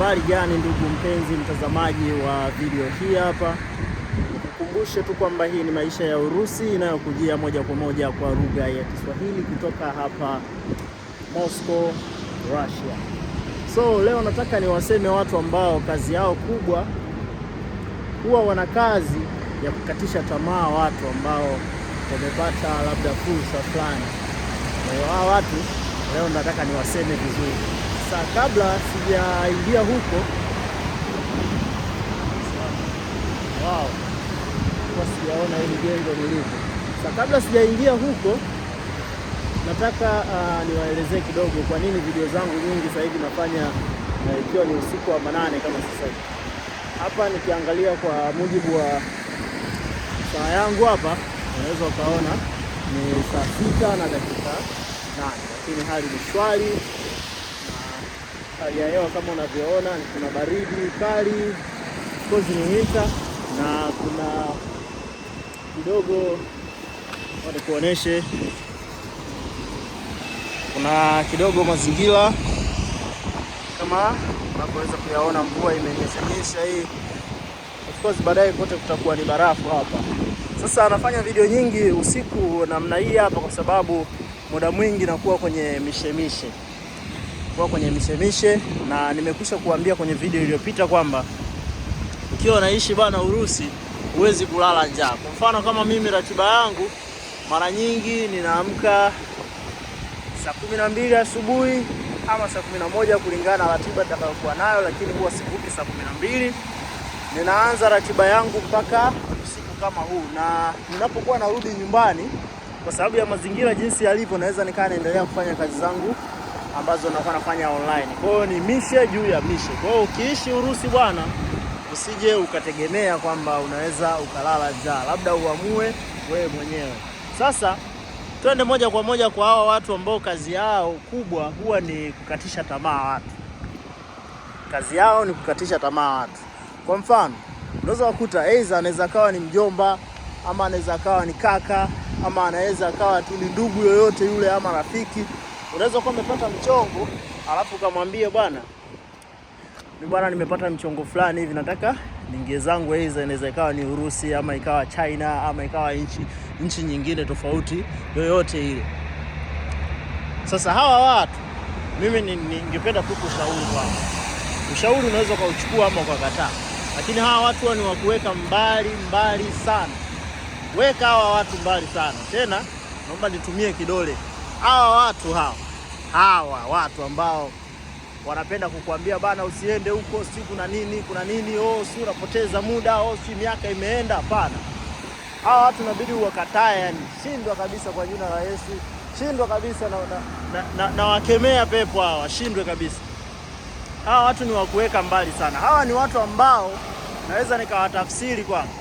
Habari gani ndugu mpenzi mtazamaji wa video hii hapa. Nikukumbushe tu kwamba hii ni Maisha ya Urusi inayokujia moja kwa moja kwa lugha ya Kiswahili kutoka hapa Moscow, Russia. So leo nataka niwaseme watu ambao kazi yao kubwa huwa wana kazi ya kukatisha tamaa watu ambao wamepata labda fursa fulani. Kwa hiyo hawa watu leo nataka niwaseme vizuri. Sasa kabla sijaingia huko, wow, sijaona hili jengo lilivyo. Sasa kabla sijaingia huko, nataka uh, niwaelezee kidogo kwa nini video zangu nyingi sasa hivi nafanya eh, ikiwa ni usiku wa manane kama sasa hivi hapa. Nikiangalia kwa mujibu wa saa yangu hapa, unaweza ukaona ni saa sita na dakika nane, lakini hali ni shwari hali ya hewa kama unavyoona, kuna baridi kali, kozi ni winter, na kuna kidogo nikuoneshe, kuna kidogo mazingira kama unavyoweza kuyaona, mvua imenyeshenyesha hii. Of course baadaye kote kutakuwa ni barafu hapa. Sasa anafanya video nyingi usiku namna hii hapa, kwa sababu muda mwingi nakuwa kwenye mishemishe kuwa kwenye mishemishe, na nimekwisha kuambia kwenye video iliyopita kwamba ukiwa unaishi bana Urusi huwezi kulala njaa. Kwa mfano kama mimi, ratiba yangu mara nyingi ninaamka saa kumi na mbili asubuhi ama saa kumi na moja kulingana na ratiba nitakayokuwa nayo, lakini huwa sivuki saa kumi na mbili. Ninaanza ratiba yangu mpaka usiku kama huu, na ninapokuwa narudi nyumbani, kwa sababu ya mazingira jinsi yalivyo, naweza nikaa naendelea kufanya kazi zangu ambazo unakuwa nafanya online. Kwa hiyo ni mishe juu ya mishe. Kwa hiyo ukiishi Urusi bwana, usije ukategemea kwamba unaweza ukalala njaa, labda uamue wewe mwenyewe. Sasa twende moja kwa moja kwa hawa watu ambao kazi yao kubwa huwa ni kukatisha tamaa watu. Kazi yao ni kukatisha tamaa watu. Kwa mfano, unaweza kukuta aidha anaweza kawa ni mjomba ama anaweza kawa ni kaka ama anaweza kawa tu ni ndugu yoyote yule ama rafiki Unaweza kuwa umepata mchongo alafu ukamwambia bwana, ni bwana, nimepata mchongo fulani hivi, nataka ninge zangu hizo. Inaweza ikawa ni Urusi ama ikawa China ama ikawa nchi nchi nyingine tofauti yoyote ile. Sasa hawa watu mimi ningependa tu kushauri kwamba ushauri unaweza ukauchukua ama ukakataa, lakini hawa watu ni wa kuweka mbali mbali sana. Weka hawa watu mbali sana. Tena naomba nitumie kidole hawa watu hawa hawa watu ambao wanapenda kukuambia bana, usiende huko, si kuna nini, kuna nini, oh, si unapoteza muda, oh, si miaka imeenda. Hapana, hawa watu nabidi uwakatae, yani shindwa kabisa kwa jina la Yesu, shindwa kabisa na, na, na, na, na wakemea pepo hawa, shindwe kabisa. Hawa watu ni wakuweka mbali sana. Hawa ni watu ambao naweza nikawatafsiri kwamba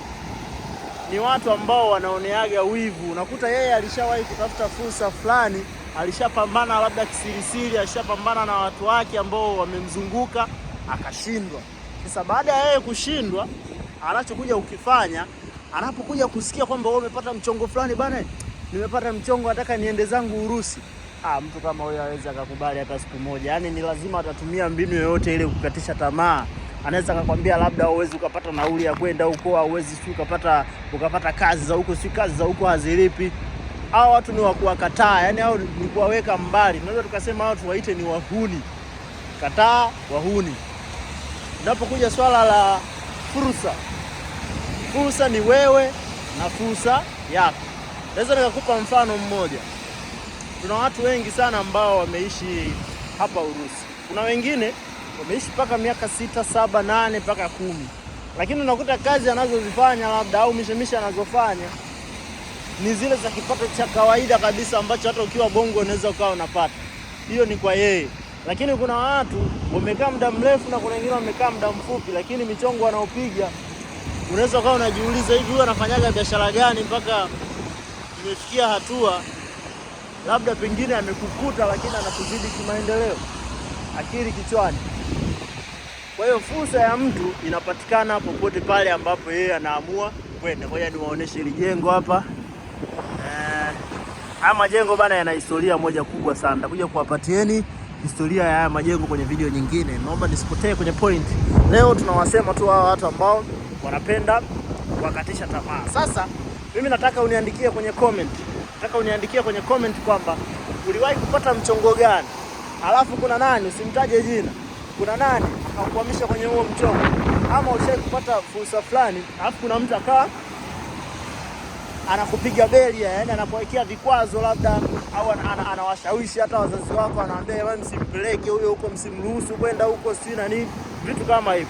ni watu ambao wanaoneaga wivu. Unakuta yeye alishawahi kutafuta fursa fulani, alishapambana labda kisirisiri, alishapambana na watu wake ambao wamemzunguka akashindwa. Sasa baada ya yeye kushindwa, anachokuja ukifanya, anapokuja kusikia kwamba wewe umepata mchongo fulani, bana, nimepata mchongo, nataka niende zangu Urusi. Ah, mtu kama huyo hawezi akakubali hata siku moja. Yaani ni lazima atatumia mbinu yoyote ile kukatisha tamaa anaweza akakwambia labda uwezi ukapata nauli ya kwenda huko, uwezi si ukapata ukapata kazi za huko, si kazi za huko hazilipi. Hao watu ni wakuwakataa, yani hao ni kuwaweka mbali. naweza tukasema hao tuwaite ni wahuni, kataa wahuni. Unapokuja swala la fursa, fursa ni wewe na fursa yako. Naweza nikakupa mfano mmoja. Tuna watu wengi sana ambao wameishi hapa Urusi, kuna wengine wameishi mpaka miaka sita, saba, nane mpaka kumi, lakini unakuta kazi anazozifanya labda au mishemisha anazofanya ni zile za kipato cha kawaida kabisa ambacho hata ukiwa bongo unaweza ukawa unapata. Hiyo ni kwa yeye, lakini kuna watu wamekaa muda mrefu na kuna wengine wamekaa muda mfupi, lakini michongo wanaopiga unaweza ukawa unajiuliza, hivi huyu anafanyaga biashara gani mpaka imefikia hatua labda pengine amekukuta, lakini anakuzidi kimaendeleo. Akili kichwani. Kwa hiyo fursa ya mtu inapatikana popote pale ambapo yeye anaamua kwenda. Ngoja niwaoneshe hili jengo hapa. Eh, haya majengo bana yana historia moja kubwa sana. Nitakuja kuwapatieni historia ya haya majengo kwenye video nyingine. Naomba nisipotee kwenye point. Leo tunawasema tu hawa watu ambao wanapenda kuwakatisha tamaa. Sasa mimi nataka uniandikie kwenye comment. Nataka uniandikie kwenye comment kwamba uliwahi kupata mchongo gani? Alafu kuna nani usimtaje jina kuna nani akuhamisha kwenye huo mchongo, ama ushai kupata fursa fulani, alafu kuna mtu akawa anakupiga beli, yaani anakuwekea vikwazo labda, au anawashawishi hata wazazi wako, anawaambia wewe msimpeleke huyo huko, msimruhusu kwenda huko, si na nini, vitu kama hivyo.